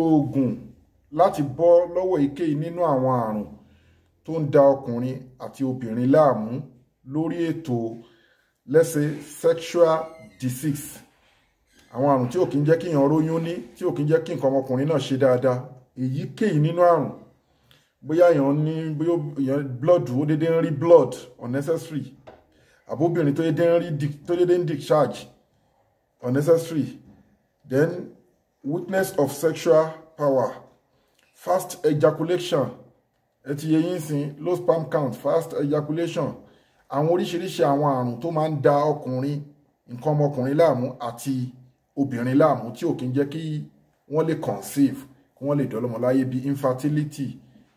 oògùn láti bọ́ lọ́wọ́ èyíkéyìí nínú àwọn àrùn tó ń da ọkùnrin àti obìnrin láàmú lórí ètò lẹ́sẹ̀ sexual disease àwọn àrùn tí ò kí ń jẹ́ kí èèyàn róyún ní tí ò kí ń jẹ́ kí nǹkan ọmọkùnrin náà ṣe dáadáa èyíkéyìí nínú àrùn bóyá èèyàn ní bóyá blood ó dédé ń rí blood unnecessary àbóbìnrin tó dédé ń rí tó dédé ń discharge unnecessary then witness of sexual power fast ejaculation ẹ ti yẹ yín sin low sperm count fast ejaculation àwọn oríṣiríṣi àwọn àrùn tó máa ń da ọkùnrin nǹkan ọmọkùnrin láàmú àti obìnrin láàmú tí ò kí ń jẹ́ kí wọ́n lè conceive kí wọ́n lè dọ́lọ́mọ láyé bí infertility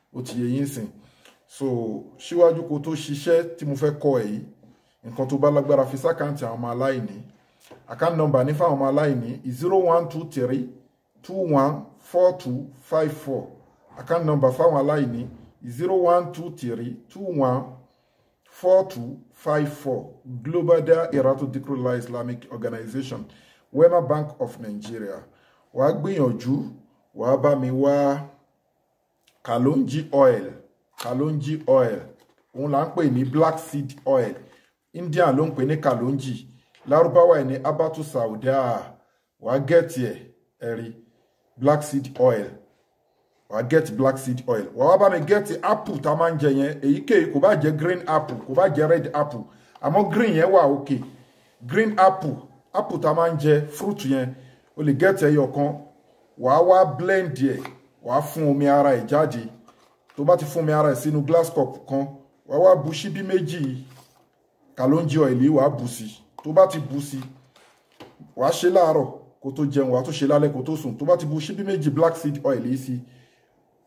ó ti yẹ yín so síwájú kó tó ṣiṣẹ́ tí mo fẹ́ kọ èyí nǹkan tó bá lágbára fi sákàǹtì àwọn ọmọ aláìní account number ní fáwọn ọmọ aláìní zero one two three two one four two five four account number fáwọn aláìní zero one two three two one four two five four Global Dahiratu Dhikrlahi Islamic Organization Wema Bank of Nigeria wàá gbìyànjú wàá bá mi wá kalonji oil kalonji oil òun là ń pè ní black seed oil India ló ń pè ní kalonji Larubawa ẹ̀ ní abatu sauda wa get ye eri black seed oil wa get black seed oil wa wá bá mi gẹ̀ẹ́tì apple tá a máa ń jẹ yẹn èyíkéyìí kò bá jẹ green apple kò bá jẹ red apple àmọ́ green yẹn wa òkè green apple apple tá a máa jẹ fruit yẹn o lè gẹ̀ẹ́tì ẹyọ kan wàá wá blend ẹ̀ wàá fún omi ara ẹ̀ jáde tó bá ti fún omi ara ẹ̀ sínú glass cup kan wàá wá bu ṣíbí méjì kàlóńjì ọ̀ẹ̀lì wàá bù sí i tó bá ti bu sí wàá ṣe láàárọ̀ kó tó jẹun wàá tó ṣe lálẹ́ kó tó sùn tó bá ti bu ṣíbí méjì black seed oil yìí sí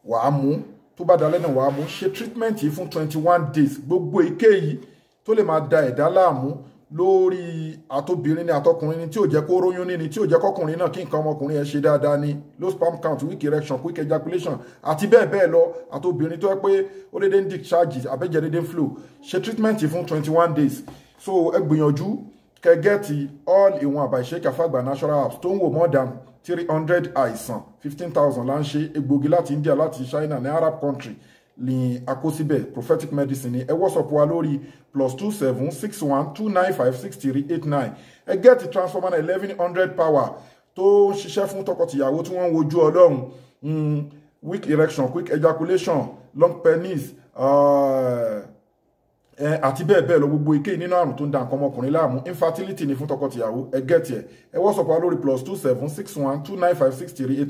wàá mú tó bá dalẹ́ náà wàá mú ṣe treatment yìí fún twenty one days gbogbo èkéyìí tó lè máa da ẹ̀dá láàmú lórí àtobìnrin ni àtọkùnrin ni tí ò jẹ́ kó róyún ní ni tí ò jẹ́ kọkùnrin náà kí nǹkan ọmọkùnrin ẹ̀ ṣe dáadáa ni low sperm count weak erection quick ejaculation àti bẹ́ẹ̀ bẹ́ẹ̀ lọ àtobìnrin tó yẹ pé ó dédé ń discharge àbẹ́jẹ́ dédé ń flow ṣe treatment yìí fún twenty one days so ẹ gbìyànjú kẹgẹ́tì all ìwọ̀n àbàìṣe kàfàgbà national apps tó ń wò more than three hundred àìsàn fifteen thousand là ń ṣe egbògi láti India láti China ní Arab country ní àkọsíbẹ̀ prophetic medicine ní ẹ WhatsApp wa lórí plus two seven six one two nine five six three eight nine ẹ gẹ́ẹ̀tì transformer eleven hundred power tó ń ṣiṣẹ́ fún tọkọtìyàwó tí wọ́n ń wojú ọlọ́run weak hmm, erection quick ejaculation long penis. Uh, àti bẹ́ẹ̀ bẹ́ẹ̀ lọ gbogbo ike nínú àrùn tó ń da nǹkan ọmọkùnrin láàmú infertility ni fún tọkọtìyàwó ẹgẹ́tì ẹ̀ ẹ wọ́sọ̀pá lórí plus two seven six one two nine five six three eight.